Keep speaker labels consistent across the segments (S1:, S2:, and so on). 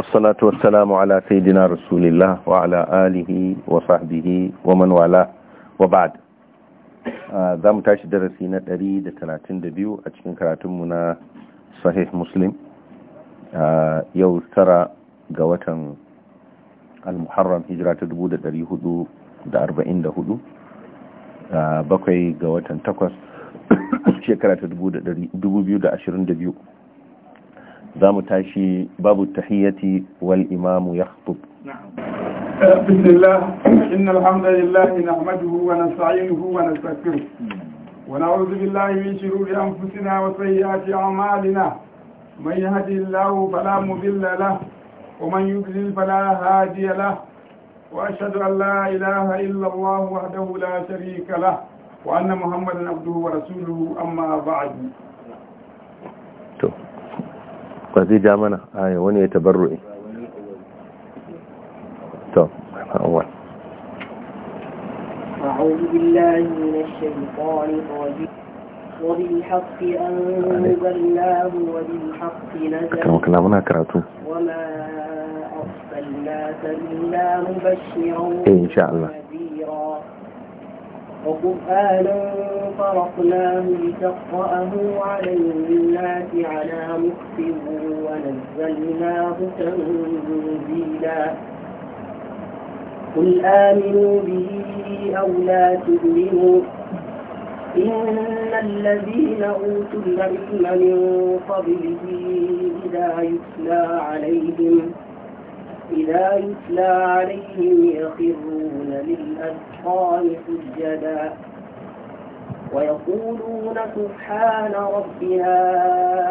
S1: wassalatu wassalamu ala sayyidina rasulillah wa alihi wa sahbihi wa man wala wa za mu tashi darasi na ɗari da 132 a cikin karatunmu na sahih muslim yau tara ga watan al-muharram hijira ta 1444 bakwai ga watan takwas shekara ta 2022 za mu tashi babu tahiyyati wal imamu ya
S2: بسم الله إن الحمد لله نحمده ونستعينه ونستغفره ونعوذ بالله من شرور أنفسنا وسيئات أعمالنا من يهدي الله فلا مضل له ومن يضلل فلا هادي له وأشهد أن لا إله إلا الله وحده لا شريك له وأن محمدا عبده ورسوله أما بعد
S1: ba zai ja mana تبرؤي wani ya tabarru'i to
S3: أعوذ بالله من الشيطان الرجيم وبالحق أنزلناه وبالحق نزل كلامنا وما أرسلناك إلا مبشرا إيه، إن شاء الله وقرآنا فرقناه لتقرأه على الناس على مكتب ونزلناه تنزيلا قل آمنوا به أو لا تؤمنوا إن الذين أوتوا العلم من قبله إذا يتلى عليهم إذا يتلى عليهم يخرون للأذقان سجدا ويقولون سبحان ربنا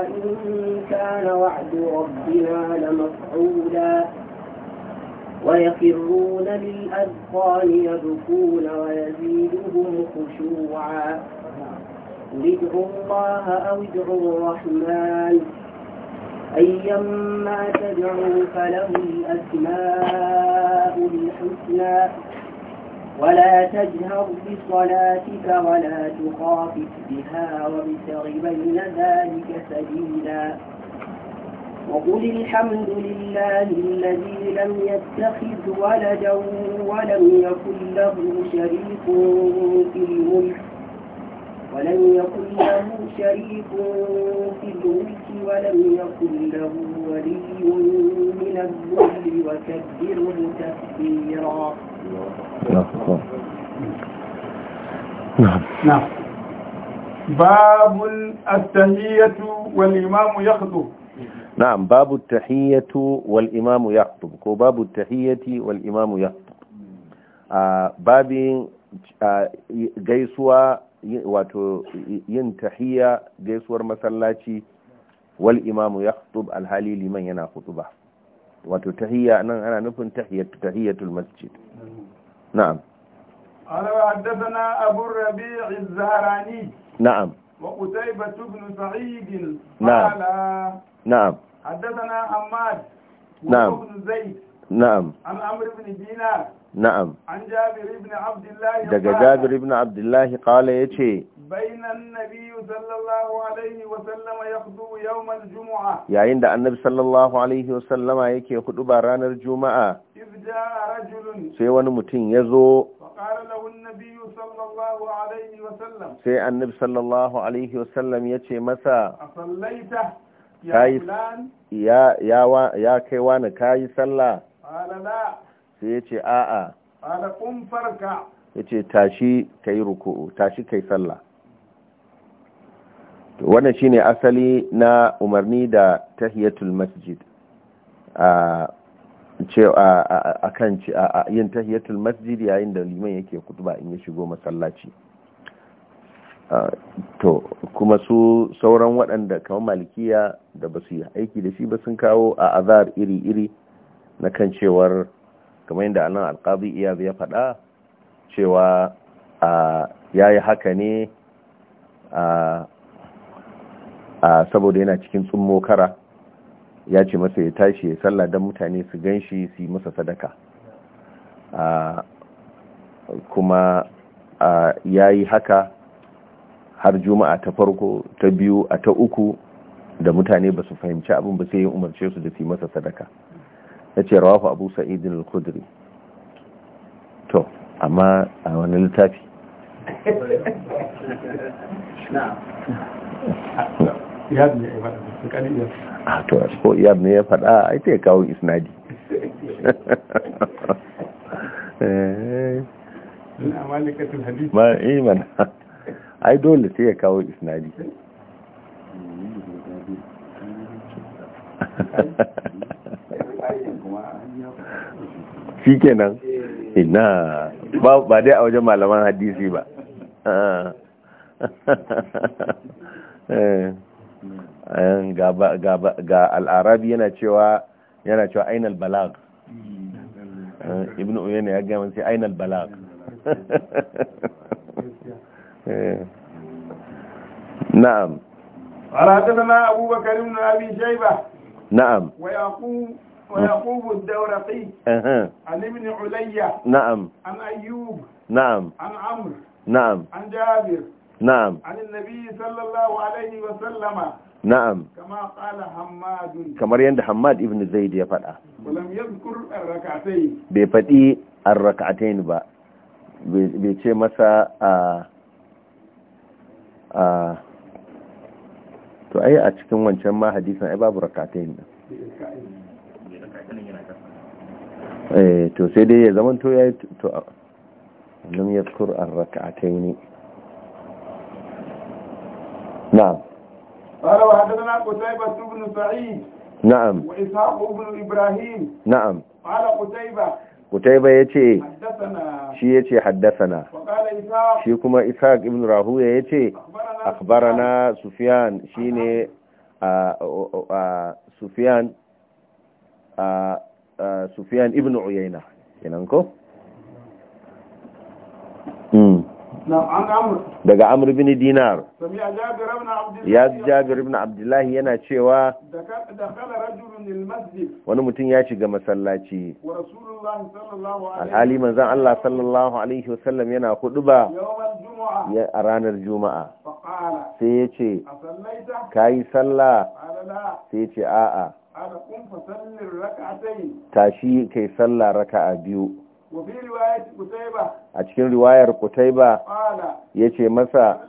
S3: إن كان وعد ربنا لمفعولا ويخرون للأذقان يبكون ويزيدهم خشوعا ادعوا الله أو ادعوا الرحمن أيما تدعوا فله الأسماء الحسنى ولا تجهر بصلاتك ولا تخافت بها وابتغ بين ذلك سبيلا وقل الحمد لله الذي لم يتخذ ولدا ولم يكن له شريك في الملك ولم يكن له شريك في الملك ولم يكن له ولي من الذل وكبره تكبيرا
S1: نعم. نعم
S2: باب التحية والإمام يخطب
S1: نعم باب التحية والإمام يخطب كو باب التحية والإمام يخطب آه باب آه جيسوا wato yin tahiyya gaisuwar masallaci wal imamu ya khutub alhali liman yana khutuba wato tahiyya nan ana nufin tahiyyatul masjid na'am
S2: ana haddathana abu rabi' az-zahrani na'am wa qutayba ibn sa'id na'am na'am haddathana hamad
S1: na'am ibn zaid na'am
S2: an amr ibn dinar na'am an jabir ibn abdullah daga jabir ibn
S1: abdullah qala yace
S2: bainan nabiy sallallahu alaihi wa sallama yakhdu yawm al yayin da
S1: annabi sallallahu alaihi wa sallama yake ba ranar juma'a sai wani mutum ya zo sai annabi sallallahu alaihi wasallam ya ce masa ya kai wani kayi sallah
S2: sai
S1: ya ce a'a ya ce tashi ka yi ruku'u tashi ka yi sallah wannan shine asali na umarni da tahiyatul masjid a kan yin tahiyatul masjid yayin da liman yake kutuba in ya shigo masallaci to kuma su sauran waɗanda kamar malikiya da ba su yi aiki da shi ba sun kawo a azar iri-iri na kan cewar kamar yadda anan alkazi iya ya faɗa cewa ya yi haka ne a saboda yana cikin tsummokara kara ya ce masa ya tashi ya salla don mutane su gan shi su yi masa sadaka kuma ya yi haka har juma'a ta farko ta biyu a ta uku da mutane ba su fahimci abin ba sai yi umarce su da su yi masa sadaka ya ce rawahu abu sa'idin al-khudri to amma a wani littafi a to ko iya ne ya faɗa a ita ya kawo isnadi ma'imana eh, ai dole sai ya kawo isnadi shi kenan ina ba dai a wajen malaman hadisi ba ah. eh. ga al'arabi yana cewa yana cewa ainal balag eh, ibn uyana ya gama sai ainal balag eh. na'am
S2: قال abubakar أبو بكر بن na'am wa نعم ويقوم الدورقي اها عن ابن عليا نعم عن ايوب
S1: نعم عن عمرو نعم عن جابر نعم
S2: عن النبي صلى الله عليه وسلم نعم كما قال حماد كما
S1: يند حماد ابن زيد ya faɗa
S2: walam yadhkur ar-rak'atayn
S1: bai faɗi ar-rak'atayn ba to ai a cikin wancan ma hadisan ai babu rakatayin din Eh, to sai dai ya zama to ya yi to lam ya tukur an raka a taini na'am
S2: ƙara wa haddana su bin sa'i na'am wa ishaq ibn
S1: ibrahim na'am
S2: fara ƙara ƙutaiba
S1: Kutaiba ya ce, shi ya ce haddasana, shi kuma Ishaq ibn Rahuya ya ce, na Sufiyan shi ne a Sufiyan Sufiyan ibn Uyayna kenan ko hmm. daga Amr bin Dinar
S2: ya Jabir ibn
S1: Abdullah yana cewa wani mutum ya shiga masallaci
S2: alhali manzon Allah
S1: sallallahu alaihi wasallam yana ba a ranar juma'a sai ya ce yi sallah sai ya ce a'a tashi kai sallah a biyu a cikin riwayar kutaiba ya ce masa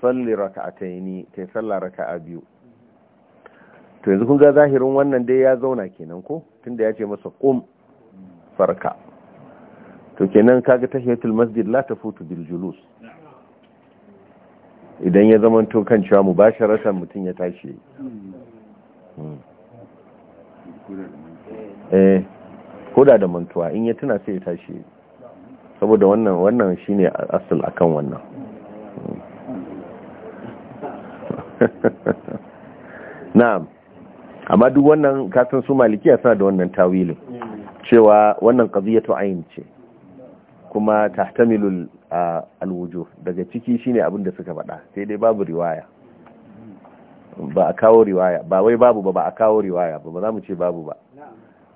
S1: salli raka'ataini kai sallah a biyu to yanzu kun ga zahirin wannan dai ya zauna kenan ko tunda ya ce masa Kum farka to kenan kaga ta masjid la futu bil julus idan ya zama to kan cewa mubasharatan mutum ya tashi Hmm. Eh, koda da mantuwa in ya tuna sai ya tashi saboda wannan wannan shine asal akan wannan hmm. na'am amma duk wannan katon su malikiya suna da wannan tawilin cewa wannan qadiyatu ayn ce kuma tahtamilu alwuju daga ciki shine abin da suka faɗa sai dai babu riwaya ba a kawo riwaya ba wai babu ba ba a kawo riwaya ba za mu ce babu ba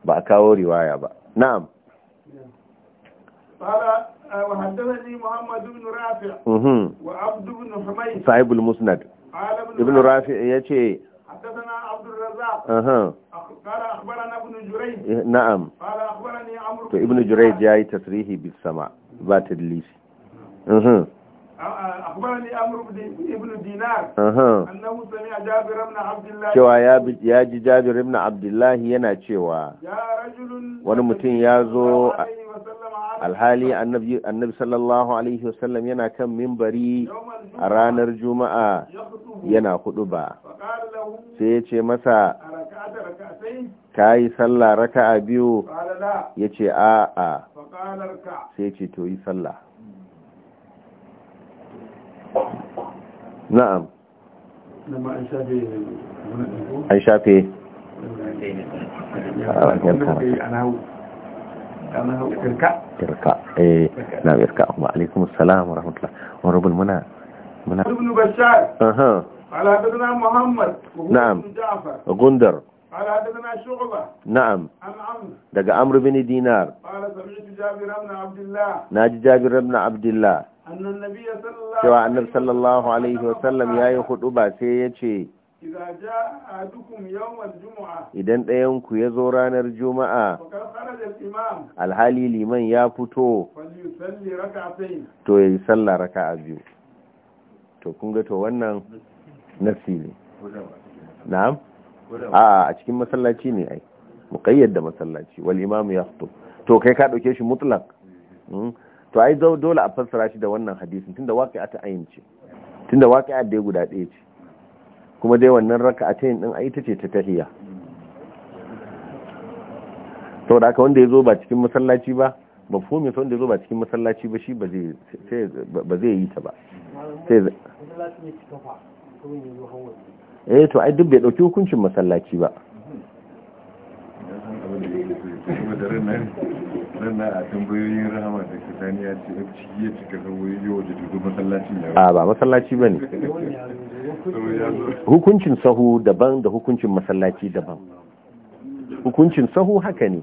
S1: ba a kawo riwaya ba na'am
S2: ah, mhm. sahibul musnad ibn rafi ya ce eh, na'am to ibn Jirai ya yi
S1: tasirihi bisama ba ta dalisi mhm. cewa ya ji دينار ibn abdullahi yana cewa
S2: wani mutum ya zo
S1: alhali annabi sallallahu alaihi wasallam yana kan mimbari a ranar juma'a yana hudu ba sai ya ce masa ka yi sallah raka'a biyu ya ce a'a sai ya ce to yi sallah نعم لما أي شافي إركاء إيه نعم إركاء وعليكم السلام ورحمة الله ورب المنى منى ابن بشار أها
S2: على حدثنا محمد نعم جعفر غندر على حدثنا شعبة
S1: نعم عن عمرو دقى عمرو بن دينار
S2: قال سمعت جابر بن عبد الله ناجي
S1: جابر بن عبد الله cewa annab sallallahu alaihi wasallam ya yi hudu ba sai ya ce idan ɗayanku ya zo ranar juma'a alhali liman ya fito to ya yi sallah raka a biyu to kunga to wannan nafsi ne na'am a a cikin masallaci ne ai kayyar da masallaci wal imamu ya fito to kai ka ɗauke shi mutlak hmm? to ai dole a fassara shi da wannan hadisin tunda waqi'a ta ayin ce tunda waqi'a da guda ɗaya ce kuma dai wannan raka'a ta yin din ai ta ce ta tahiyya da ka wanda ya zo ba cikin masallaci ba mafhumin sa wanda ya zo ba cikin masallaci ba shi ba zai yi ta ba sai eh to ai duk bai dauki hukuncin masallaci ba a tambayoyin rahama da ya ce da dubu a ba masallaci ba ne hukuncin sahu daban da hukuncin masallaci daban hukuncin sahu haka ne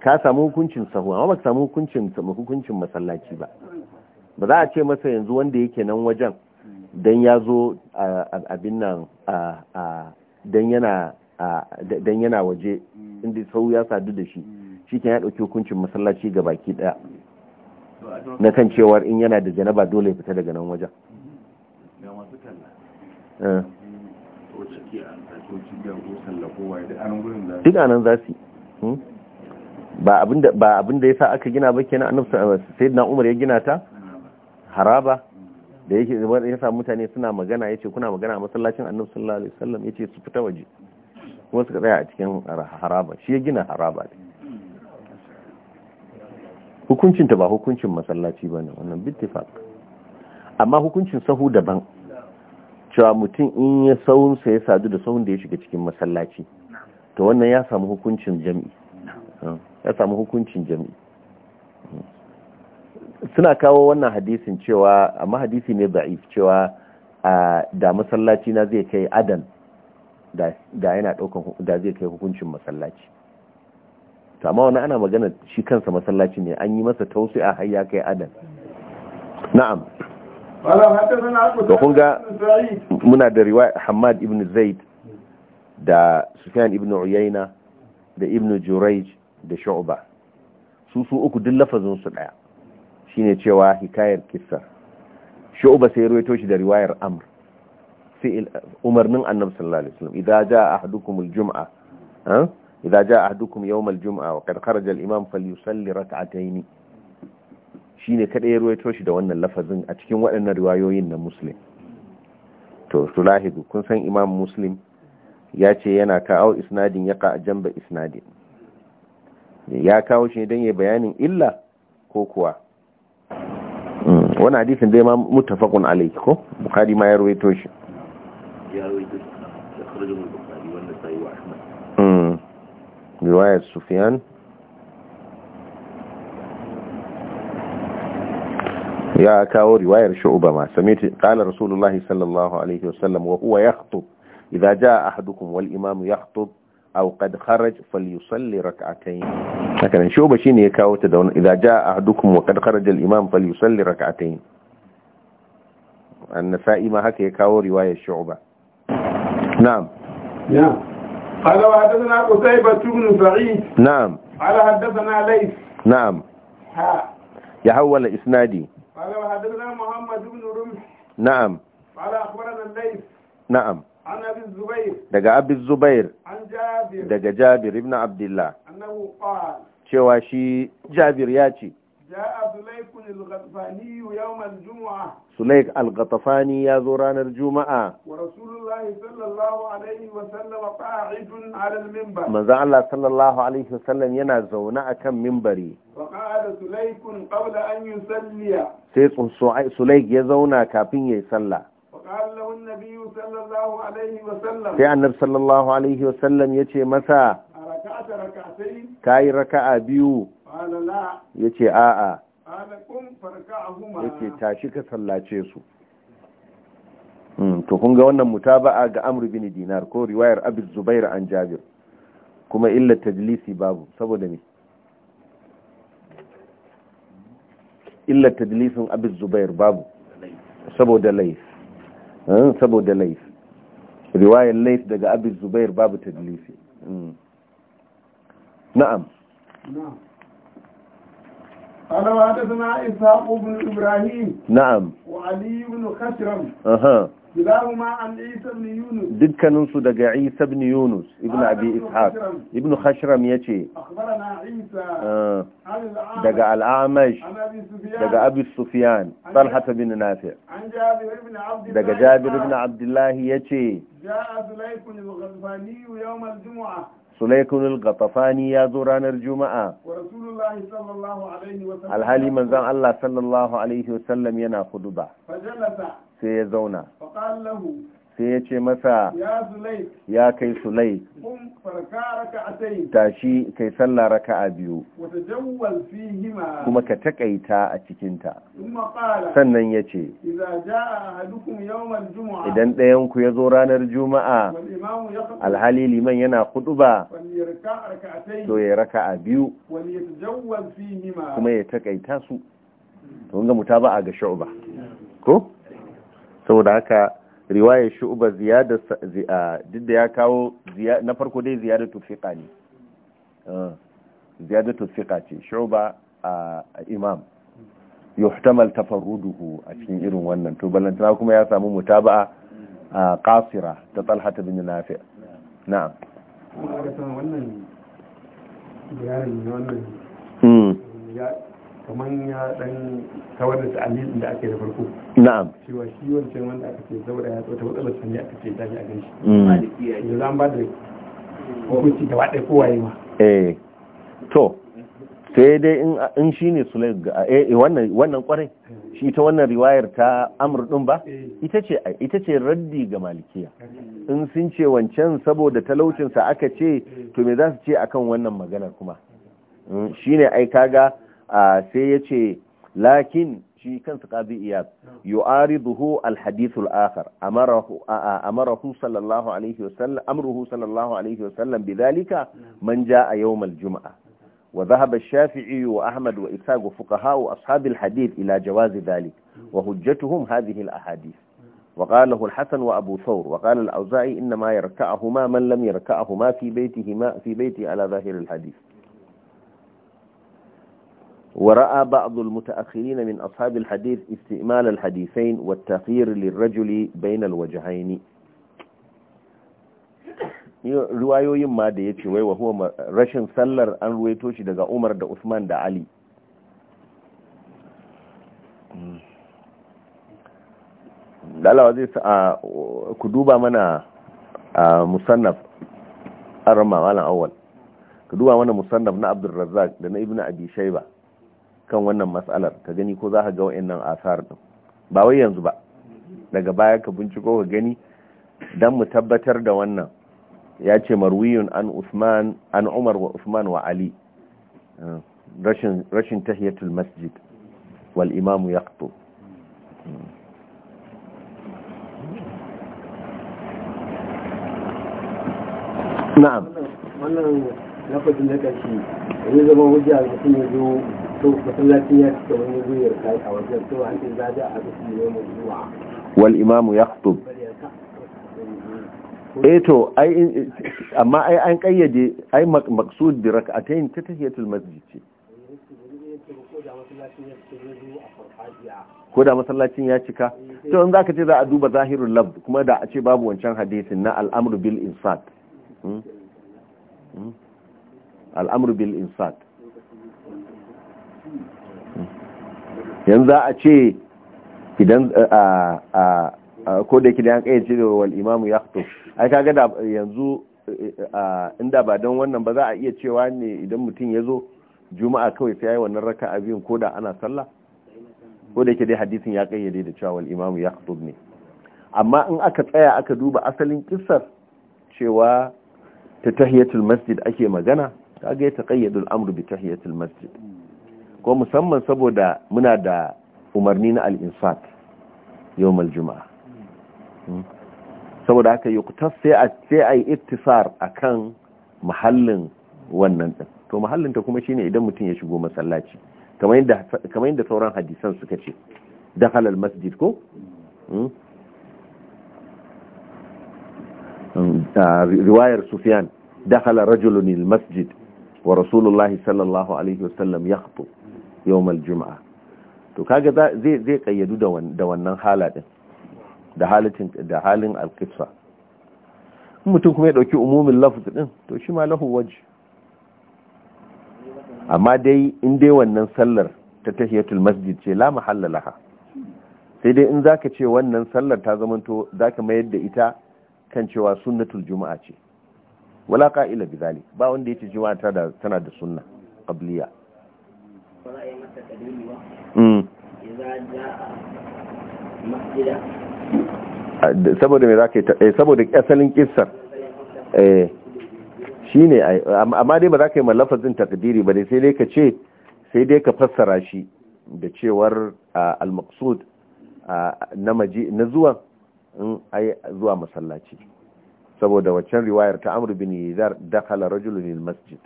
S1: ka samu hukuncin sahu amma ba ka samu hukuncin hukuncin masallaci ba ba za a ce masa yanzu wanda yake nan wajen dan ya zo abin nan dan yana dan yana waje inda sahu ya sadu da shi shi ya ɗauki hukuncin masallaci ga baki ɗaya na kan cewar in yana da janaba dole fita daga nan wajen eh. duk anan za su hmm? ba abin da ya sa aka gina ba kenan annabta sai na umar ya gina ta haraba da yake ya sa mutane suna magana ya ce kuna magana a masallacin annabta sallallahu alaihi wasallam ya ce su fita waje kuma suka tsaya a cikin haraba shi ya gina haraba ne hukuncinta ba hukuncin masallaci ba ne wannan bittifak amma hukuncin sahu daban cewa mutum in ya sahunsa ya sadu da sahun da ya shiga cikin masallaci to wannan ya samu hukuncin jami'i ya samu hukuncin jami'i suna kawo wannan hadisin cewa amma hadisi ne da'if cewa da masallaci na zai kai adan da yana daukan da zai kai hukuncin masallaci to amma wani ana magana shi kansa masallaci ne an yi masa tausi'a a ya kai adam na'am Da kun muna da riwaya Hamad ibn Zaid da Sufyan ibn Uyayna da ibn Jurayj da Shu'ba su su uku duk lafazin su daya ne cewa hikayar kissa Shu'ba sai ruwaito shi da riwayar Amr umarnin Annabi sallallahu alaihi wasallam idza jaa ahadukum idza a ahadukum yawm al-jum'a wa qad kharaja al-imam falyusalli rak'atayn shine kaɗai ya ruwaito shi da wannan lafazin a cikin waɗannan riwayoyin na muslim to kun san imam muslim ya ce yana kawo isnadin ya ka jamba isnadin ya kawo shi don ya bayanin illa ko kuwa wani hadisin dai ma mutafakun alaiki ko bukari ma ya ruwaito shi رواية سفيان يا كاو رواية شعوبة ما سميت قال رسول الله صلى الله عليه وسلم وهو يخطب إذا جاء أحدكم والإمام يخطب أو قد خرج فليصلي ركعتين لكن شعوبة شين يا كاو تدون إذا جاء أحدكم وقد خرج الإمام فليصلي ركعتين النسائي ما هكا يا رواية شعوبة نعم نعم
S2: قال وحدثنا قتيبة بن سعيد نعم قال حدثنا ليس نعم ها
S1: يحول إسنادي
S2: قال وحدثنا محمد بن رمح نعم قال أخبرنا ليس نعم عن أبي الزبير
S1: دقى أبي الزبير عن جابر دقى جابر ابن عبد الله
S2: أنه قال
S1: شواشي جابر ياتي
S2: جاء سليك الغطفاني يوم الجمعة
S1: سليك الغطفاني يا ذوران الجمعة
S2: ورسول الله صلى الله عليه وسلم قاعد على المنبر من ذا
S1: الله صلى الله عليه وسلم ينازون أكم منبري
S2: وقال سليك قبل أن يسلي
S1: سليك يزونا كابين يسلى
S2: وقال له النبي صلى الله عليه وسلم في
S1: النبي صلى الله عليه وسلم يتي متى
S2: ركعت ركعتين
S1: كاي ركعة بيو
S2: ya
S1: ce a'a ya ce tashi ka sallace su hmm, to kun ga wannan mutaba'a ga amru bin dinar ko riwayar abin zubair an jabir kuma illar tajlisi babu saboda ne illa tajlisin abin zubair babu saboda laif hmm, saboda laif riwayar laif daga abin zubair babu tajlisi hmm. na'am
S2: na'am قال وحدثنا إسحاق بن إبراهيم نعم وعلي بن خشرم أها كلاهما عن عيسى بن يونس
S1: دك ننسو عيسى بن يونس ابن أبي إسحاق ابن خشرم يتي
S2: أخبرنا عيسى آه. دقى الأعمش دقى أبي سفيان طلحة بن نافع عن جابر بن عبد الله دقى جابر بن عبد
S1: الله يتي
S2: جاء سليف الغلباني يوم الجمعة
S1: sulaikunul al-gatafani ya zo ranar juma'a
S2: alhali manzan
S1: Allah sallallahu alaihi wasallam yana hudu ba sai ya zauna sai ya ce masa ya kai sulai tashi kai sallah a biyu kuma ka takaita a cikinta sannan ya ce idan ɗayanku ya zo ranar juma'a alhali liman yana hudu ba
S2: to ya raka a biyu kuma ya
S1: takaita su to ga mutaba a ga shu'ba ko saboda haka riwayar shu'uba a duk da ya kawo na farko dai ziyadar tufiƙa ne ah, ziyadar tufiƙa ce shu'uba a imam yuhtamal tafarruduhu a cikin irin wannan to balantana kuma ya samu mutaba'a a kasira ta talhata bin nafi' na'am
S3: wannan
S2: ziyarar wannan hmm. kamar ya dan
S1: kawar da ta'alil da ake da farko na'am cewa shi wancan wanda aka ce zaura ya wata matsalar sani aka ce tashi a gan shi mm. yanzu an ba da hukunci gaba ɗaya kowaye ma eh to sai dai in shi ne su eh, eh, wannan kwarai eh. shi ta wannan riwayar ta amur din ba ita ce raddi ga malikiya in sun ce wancan saboda talaucinsa aka ce to me za su ce akan wannan maganar kuma mm, shi ne ai kaga sai ya ce lakin shi kansu ƙazi iyad yu'ari duhu alhadithul akhar amarahu sallallahu alaihi wasallam amruhu sallallahu alaihi wasallam bidalika man ja a yawm aljum'a wa dhahaba ash wa ahmad wa isaq wa fuqaha wa ashabi alhadith ila jawaz dhalik wa hujjatuhum hadhihi alahadith wa qala alhasan wa abu thawr wa qala al ma inma yarka'uhuma man lam yarka'uhuma fi baytihima fi bayti ala dhahir alhadith ورأى بعض المتأخرين من أصحاب الحديث استئمال الحديثين والتخير للرجل بين الوجهين riwayoyin ma da ya ce wai wahuwa rashin sallar an ruwaito shi daga umar da usman da ali ku duba mana musannaf na abdulrazzak da na ibn abi kan wannan matsalar ka gani ko za ka ga wa'annan asar din ba wai yanzu ba daga baya ka binciko ka gani dan mu tabbatar da wannan ya ce marwiyun an usman an umar wa usman wa ali eh, rashin rashin tahiyatul masjid wal imam yaqtu hmm. na'am
S3: wannan lafazin da kashi ne zama hujja mutum ya zo
S1: wal imamu ya khutub eh to ai amma ai an kayyade ai maqsud bi rak'atayn ta tahiyatul masjid ce ko da masallacin ya cika to in zaka ce za a duba zahirul lab kuma da a ce babu wancan hadisin na al'amru bil insat hmm? hmm? al'amru bil insat yanzu za a ce idan a ko da kidan kai ce da wal ya yaqtu ai kaga da yanzu inda ba dan wannan ba za a iya cewa ne idan mutum ya zo juma'a kawai sai yayi wannan raka biyun ko da ana sallah ko da yake dai hadisin ya kayyade da cewa wal ya ne amma in aka tsaya aka duba asalin kissar cewa ta tahiyatul masjid ake magana kaga ya taqayyadul amru bi tahiyatul masjid ko musamman saboda muna da umarni na al'insat yau Juma'a, hmm? saboda haka yi kutar sai a yi ittisar a kan mahallin wannan ɗin to ta kuma shine idan mutum ya shigo masallaci kamar yadda sauran hadisan suka ce da halal masjid ko? Hmm? Hmm, ah, riwayar sufiyan da halal rajulunin masjid wa rasulullahi sallallahu alaihi wasallam ya yawmal juma'a to kaga zai zai kayyadu da wannan hala din da halatin da halin alqissa mutum kuma ya dauki umumin lafz din to shi ma lahu waji amma dai in dai wannan sallar ta tahiyatul masjid ce la mahalla laha sai dai in zaka ce wannan sallar ta zamanto zaka mayar da ita kan cewa sunnatul juma'a ce wala qa'ila bizalik ba wanda yace juma'a tana da sunna qabliya Mm. saboda mai za ka yi eh, saboda asalin kissar eh, shi ne amma dai ba za ka yi mallafazin takdiri ba ne, sai dai ka ce sai dai ka fassara shi da cewar al-maqsud na zuwan in ai zuwa masallaci saboda waccan riwayar ta amru bin yizar dakhala rajulun masjid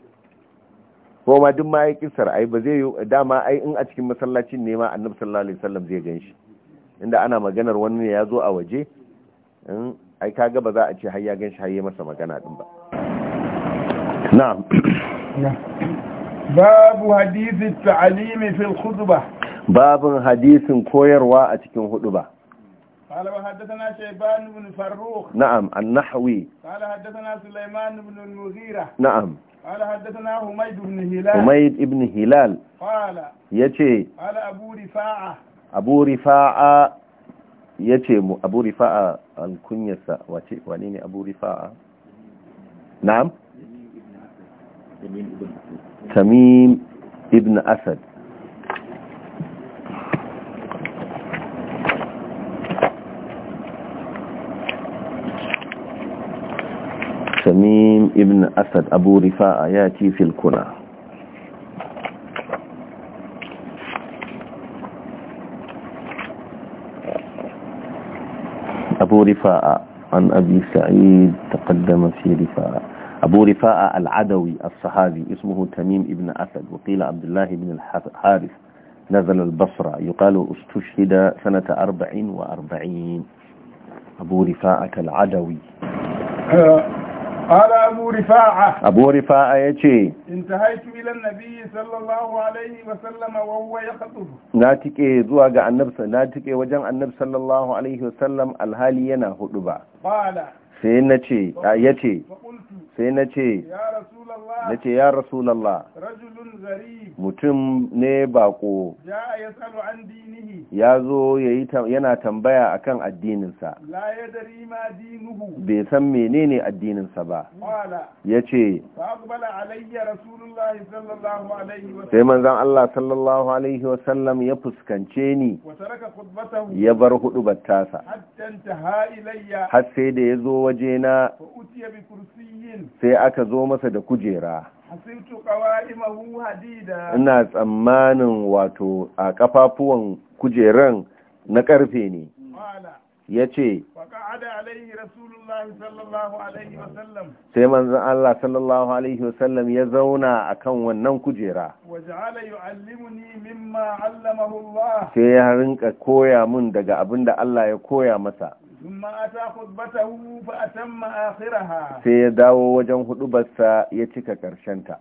S1: ko ma duk ma ya kisar ai ba zai dama ai in a cikin masallacin ne ma annabi sallallahu alaihi wasallam zai gan shi inda ana maganar wani ya zo a waje ai kaga ba za a ce har ya gan shi har masa magana din ba na'am
S2: babu hadisi ta'alimi fil khutba
S1: babun hadisin koyarwa a cikin huduba
S2: قال وحدثنا شيبان بن فروخ
S1: نعم النحوي
S2: قال حدثنا سليمان بن المغيرة نعم قال حدثنا حميد بن هلال حميد
S1: بن هلال قال يتي
S2: قال أبو رفاعة
S1: أبو رفاعة يتي أبو رفاعة الكنيسة وليني أبو رفاعة نعم تميم ابن أسد تميم ابن أسد أبو رفاء ياتي في الكنى أبو رفاء عن أبي سعيد تقدم في رفاء أبو رفاء العدوي الصحابي اسمه تميم ابن أسد وقيل عبد الله بن الحارث نزل البصرة يقال استشهد سنة أربعين وأربعين أبو رفاءة العدوي آه،
S2: قال أبو رفاعة أبو
S1: رفاعة يتي
S2: انتهيت إلى النبي صلى الله عليه وسلم وهو يخطب
S1: ناتك زواج النبي ناتك وجن النبي صلى الله عليه وسلم الهالي ينا خطبا قال sai na ce ya ce sai na ce na ce ya rasulallah mutum ne bako ya zo yana tambaya akan addininsa bai san menene addininsa ba ya ce sai manzan Allah sallallahu alaihi wasallam ya fuskance ni ya bar hudu battasa
S2: har
S1: sai da ya zo wajena sai aka zo masa da kujera ina tsammanin wato a kafafuwan kujeran na karfe ne ya ce sai manzan Allah sallallahu Alaihi wasallam ya zauna a kan wannan kujera sai ya rinka koya mun daga abin da Allah ya koya masa
S2: ثم أتى خطبته فأتم آخرها
S1: داو وجن خطبتها يتكا كرشنتا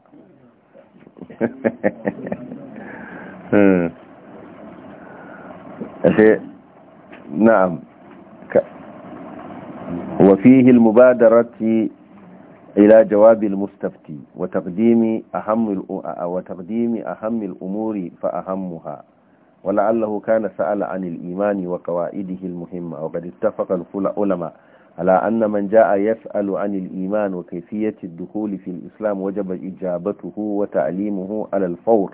S1: نعم وفيه المبادرة إلى جواب المستفتي وتقديم أهم وتقديم أهم الأمور فأهمها ولعله كان سأل عن الإيمان وقوائده المهمة وقد اتفق العلماء على أن من جاء يسأل عن الإيمان وكيفية الدخول في الإسلام وجب إجابته وتعليمه على الفور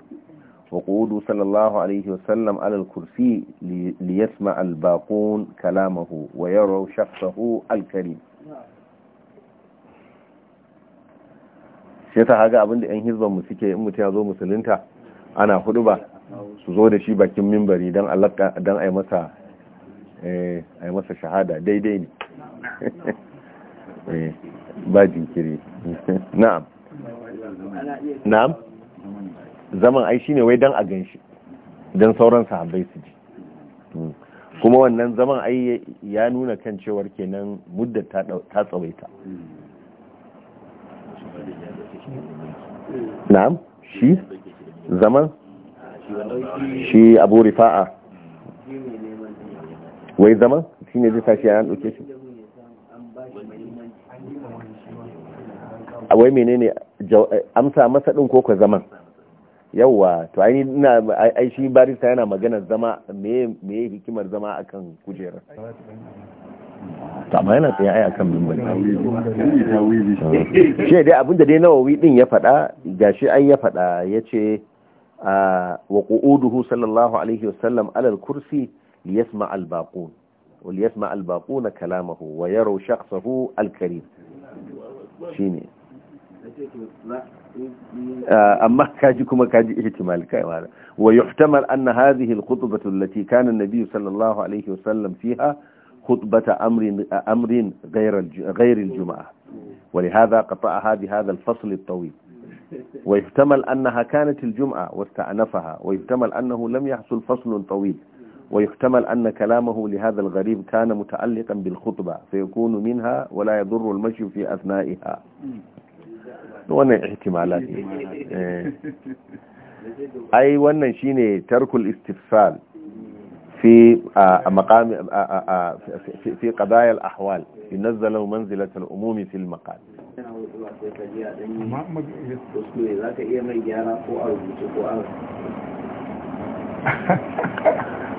S1: وقود صلى الله عليه وسلم على الكرسي ليسمع الباقون كلامه ويروا شخصه الكريم sai ta haga abinda 'yan hizban mu suke in mutu ya zo musulunta ana hudu ba su zo da shi bakin mimbari don alaka don a masa eh ai masa shahada daidai ne eh ba jinkiri na'am na'am zaman ai shine wai don a ganshi don sauran sahabbai su ji hmm. kuma wannan zaman ai ya nuna kan cewar kenan mudda ta tsawaita na'am shi zaman shi abu rifa'a wai zaman shi ne zai tashi an ɗauke shi wai menene eh, amsa masa ɗin ko kwa zaman yawwa to ai shi barista yana maganar zama me hikimar zama akan kujerar to amma yana tsaye a kan mimbari shi dai abinda dai nawawi din ya faɗa gashi ai ya faɗa yace آه، وقعوده صلى الله عليه وسلم على الكرسي ليسمع الباقون وليسمع الباقون كلامه ويروا شخصه الكريم شيني آه، أما كاجكم كاج احتمال ويحتمل أن هذه الخطبة التي كان النبي صلى الله عليه وسلم فيها خطبة أمر أمر غير غير الجمعة ولهذا قطعها بهذا الفصل الطويل ويحتمل أنها كانت الجمعة واستأنفها ويحتمل أنه لم يحصل فصل طويل ويحتمل أن كلامه لهذا الغريب كان متعلقا بالخطبة فيكون منها ولا يضر المشي في أثنائها وانا احتمالات إيه. اي وانا شيني ترك tarkul في مقام في قضايا الأحوال ينزل منزلة الأموم في المقال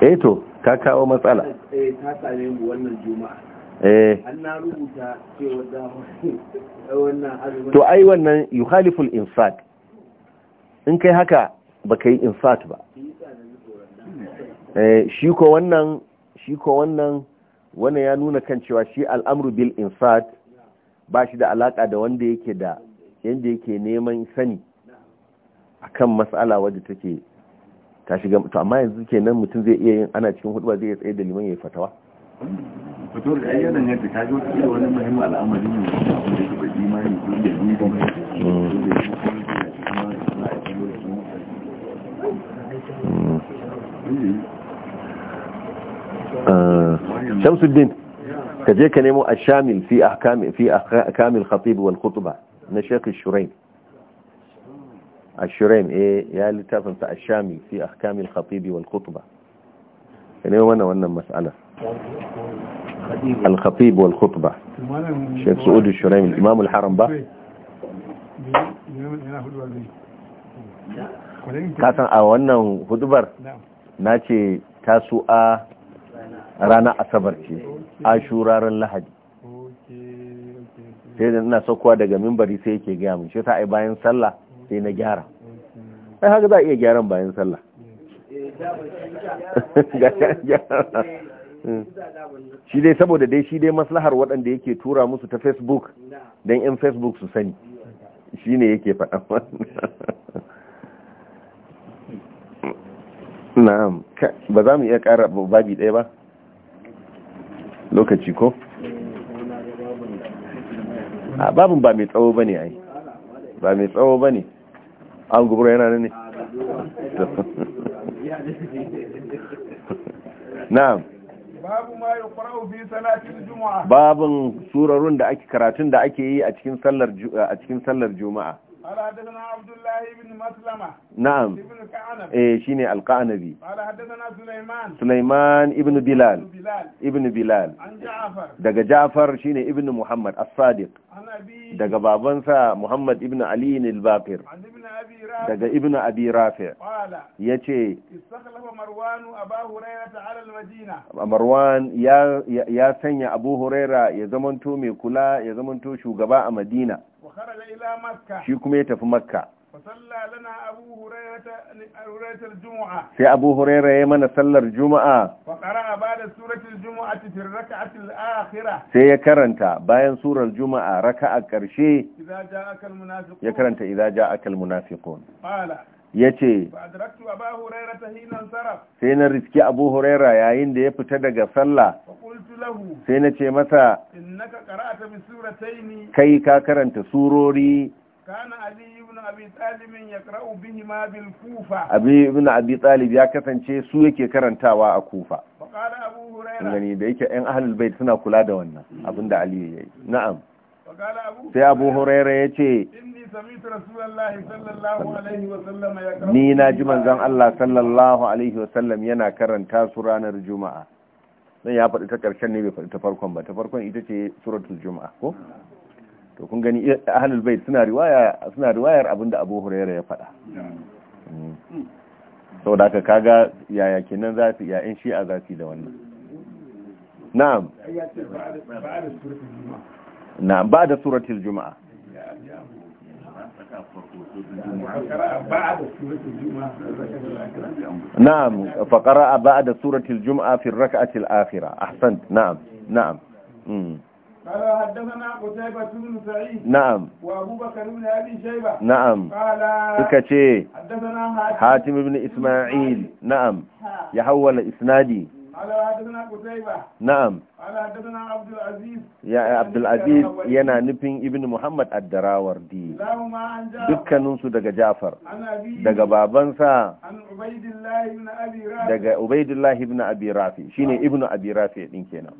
S1: eh to ka kawo matsala
S3: eh wannan juma'a eh an rubuta cewa da wannan azumin to
S1: ai wannan yuhaliful insat in kai haka baka yi insat ba Eh, shi ko wannan shi ko wannan wannan ya nuna kan cewa shi al'amru bil insat ba shi da alaka da wanda yake da yanda yake neman sani akan mas'ala wadda take ta shiga to amma yanzu kenan mutum zai iya yin ana cikin hudu zai tsaye da liman yayi fatawa fitowar da ayyadan yadda
S3: ta jo ta wani muhimmin al'amari ne abin da ke bai imani ko da ni ba Mm-hmm.
S1: shamsuddin ka je ka nemo ashamil ya littafin sa ashami fi ahkamil khatib wal
S3: a
S1: wannan hudubar na ce ranar asabar ce a shuraren lahadi sai da ina saukowa daga mimbari sai yake gaya mun shi ta yi bayan sallah sai na gyara ai haka za a iya gyaran bayan sallah
S3: shi dai
S1: saboda dai shi dai maslahar waɗanda yake tura musu ta facebook don 'yan facebook su sani shi ne yake faɗa na'am ba za mu iya ƙara babi ɗaya ba lokaci ko a babin ba mai tsawo ba ne ai ba mai tsawo ba ne an gubura yana ne na'am babin surarun da ake karatun da ake yi a cikin sallar juma'a
S2: قال حدثنا عبد الله بن مسلمة نعم ابن القعنبي ايه
S1: شيني القعنبي
S2: قال حدثنا سليمان
S1: سليمان ابن بلال ابن بلال
S2: عن جعفر دغ
S1: جعفر شيني ابن محمد الصادق عن ابي دغ بابنسا محمد ابن علي الباقر عن ابن daga ibn abi rafi ya ce marwan ya sanya abu huraira ya zamanto mai kula ya zamanto shugaba a madina shi kuma ya tafi makka
S2: sai abu
S1: huraira ya mana sallar juma'a sai ya karanta bayan surar juma'a raka a ƙarshe ya karanta idza ja akal munafiqun ya ce sai na riski abu huraira yayin da ya fita daga sallah sai na ce masa kai ka karanta surori
S2: ibn abi talib
S1: ibn abi talib ya kasance su yake karantawa a kufa
S2: qala gani
S1: da yake yan ahlul bait suna kula da wannan da ali yayi na'am sai abu huraira ya ce
S2: ni na ji manzan Allah
S1: sallallahu alaihi wasallam yana karanta su ranar juma'a don ya faɗi ta ƙarshen ne bai faɗi ta farkon ba ta farkon ita ce suratul juma'a ko to kun gani eh, ahlul bait suna riwaya suna riwayar abinda Abu Hurairah ya faɗa saboda ka kaga yaya kenan za su ya in shi'a za su da wannan na'am na'am ba da suratul juma'a نعم فقرأ بعد سورة الجمعة في الركعة الآخرة أحسنت نعم نعم مم.
S2: قال حدثنا قتيبة بن سعيد نعم وأبو بكر بن أبي شيبة نعم قال حدثنا حاتم
S1: بن إسماعيل نعم يحول إسنادي na'am ya abdulaziz yana nufin ibn muhammad addarawar di dukkaninsu daga jafar daga babansa daga ubaidullahi ibn abi rafi shine ibn abi rafi din kenan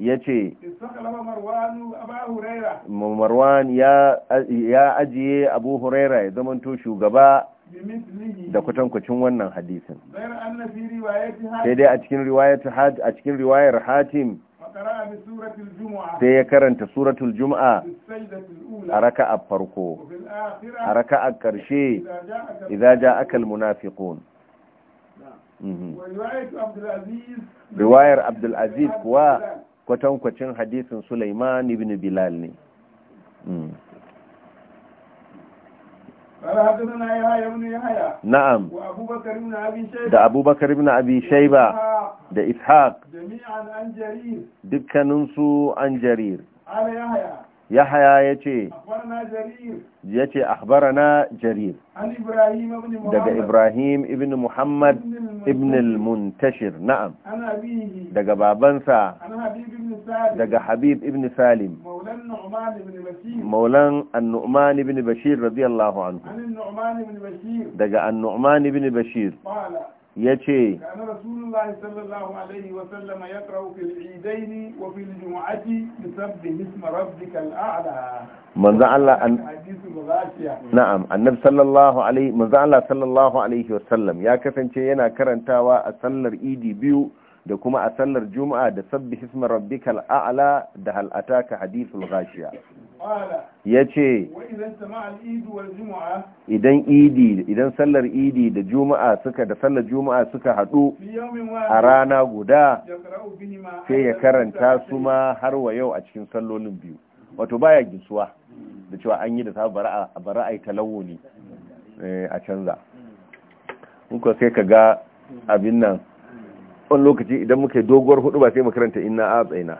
S1: ya ce marwan ya ajiye abu huraira ya zamanto shugaba da kwatankwacin wannan hadisin
S2: sai dai a cikin
S1: a cikin riwayar hatim sai ya karanta suratul juma'a a raka a farko
S2: a raka a ƙarshe idza akal
S1: almunafiqun riwayar abdulaziz kuwa kwatankwacin hadisin suleiman ibn bilal ne hmm.
S2: na'am da
S1: abubakar ibn abi shaiba da ishaq dukkaninsu an jarir yahaya yace yace akhbarana jarir
S2: daga ibrahim
S1: ibn muhammad ibn al-muntashir na'am daga babansa daga habib ibn salim maulan an-nu'man ibn bashir radiyallahu anhu daga an-nu'man ibn bashir ya ce manzan Allah na'am annab sallallahu alaihi manzan Allah sallallahu alaihi ya kasance yana karantawa a sallar idi biyu da kuma a sallar juma'a da sabbi hisma rabbikal a'la da hal ataka hadithul ghashiya yace idan idi idan sallar idi da juma'a suka da sallar juma'a suka hadu a rana guda sai ya karanta su ma har wa yau a cikin sallolin biyu wato baya gisuwa da cewa an yi da sa bara a talawuni eh, a canza in sai ka ga abin nan wani lokaci idan muke doguwar hudu ba sai mu karanta inna a tsaina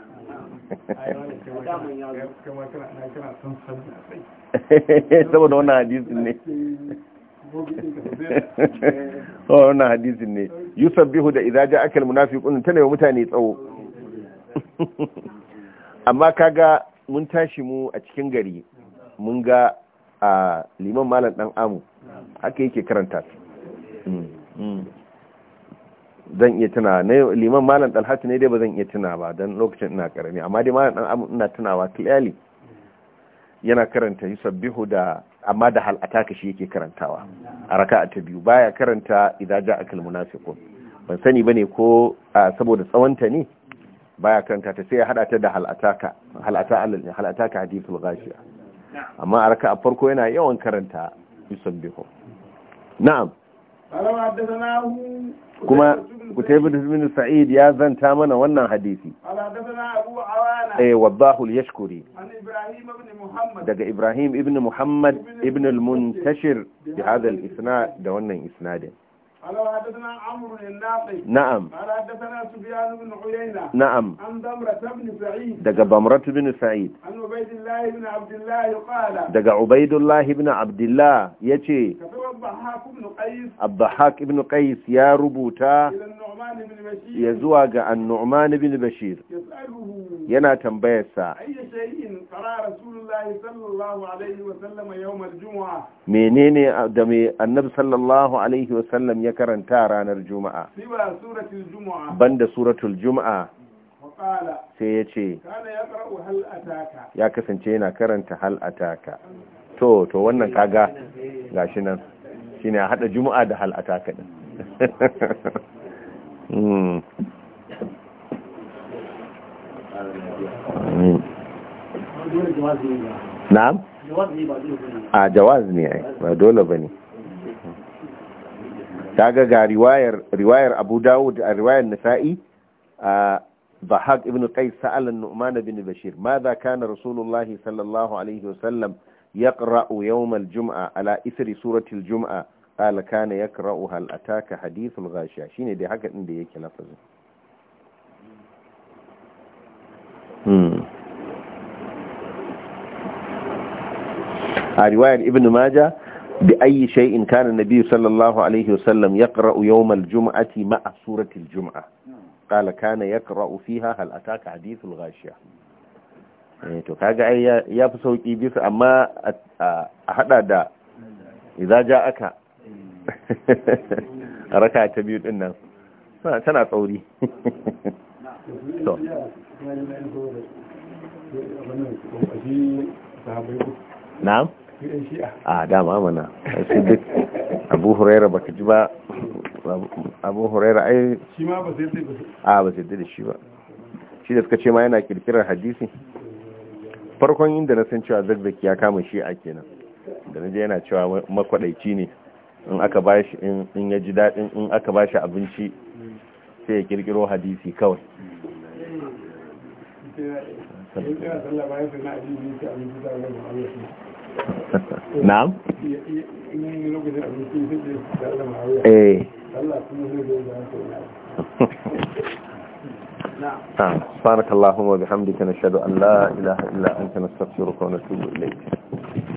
S1: saboda wannan hadisin ne wannan hadisin ne yusuf bihu da idaja akal munafiqun tana yau mutane tsawo amma kaga mun tashi mu a cikin gari mun ga a ah, liman malam dan amu haka yake karanta mm, mm. zan iya tuna na liman malam dalhatu ne dai ba zan iya tuna ba don lokacin ina karami amma dai malam dan amu ina tunawa clearly yana karanta bihu da amma da hal ataka shi yake karantawa a raka'a ta biyu baya karanta idza kal munafiqun ban sani bane ko saboda tsawanta ne baya karanta ta sai ya hada ta da hal ataka hal ataka hal ataka hadithul ghashiya amma a raka'a farko yana yawan karanta yusabbihu na'am kuma kutaibu bin sa'id ya zanta mana wannan hadisi eh wabahu al-yashkuri daga ibrahim ibn muhammad ibn al-muntashir bi hadha al da wannan isnadin
S2: قال حدثنا عمرو الناقي نعم قال حدثنا سفيان بن عيينة نعم عن ضمرة بن سعيد دقى
S1: ضمرة بن سعيد
S2: عن عبيد الله بن عبد الله قال دقى
S1: عبيد الله بن عبد الله يتي كتب
S2: الضحاك بن قيس
S1: الضحاك بن قيس يا ربوتا إلى
S2: النعمان بن بشير يزوى
S1: النعمان بن بشير
S2: يسأله ينا
S1: تنبيسا أي
S2: شيء قرأ رسول الله صلى الله عليه وسلم يوم الجمعة
S1: منين دمي النبي صلى الله عليه وسلم ya karanta ranar juma'a banda suratul juma'a sai ya ce ya kasance yana karanta hal ataka to to wannan kaga shi nan ne a hada juma'a da hal ataka din hmm. hmm. na'am a jawaz ne ba dole ne kaga ga riwayar riwayar Abu Dawud a riwayar Nasa'i a Bahaq ibn Qais sa'ala Nu'man ibn Bashir madha kana Rasulullah sallallahu alaihi wasallam yaqra'u yawm al-jum'a ala isri surati al-jum'a qala kana yaqra'u hal ataka hadith al-ghashiya shine dai haka din da yake lafazin hmm. a riwayar Ibn Majah بأي شيء كان النبي صلى الله عليه وسلم يقرأ يوم الجمعة مع سورة الجمعة قال كان يقرأ فيها هل أتاك حديث الغاشية to kaga ai ya fi sauki bisa amma a hada da idza ja aka raka ta biyu din nan tana tsauri to na'am a dama mana sai duk abu huraira ka ji ba abu huraira ai shi ma ba sai a ba sai da shi ba shi da suka ce ma yana kirkirar hadisi farkon inda na san cewa zazzaki ya kama shi a kenan da na je yana cewa makwadaici ne in aka shi in ya ji daɗin in aka ba shi abinci sai ya kirkiro hadisi kawai
S2: na'am eh نعم
S1: سبحانك اللهم وبحمدك نشهد أن لا إله إلا أنت نستغفرك ونتوب إليك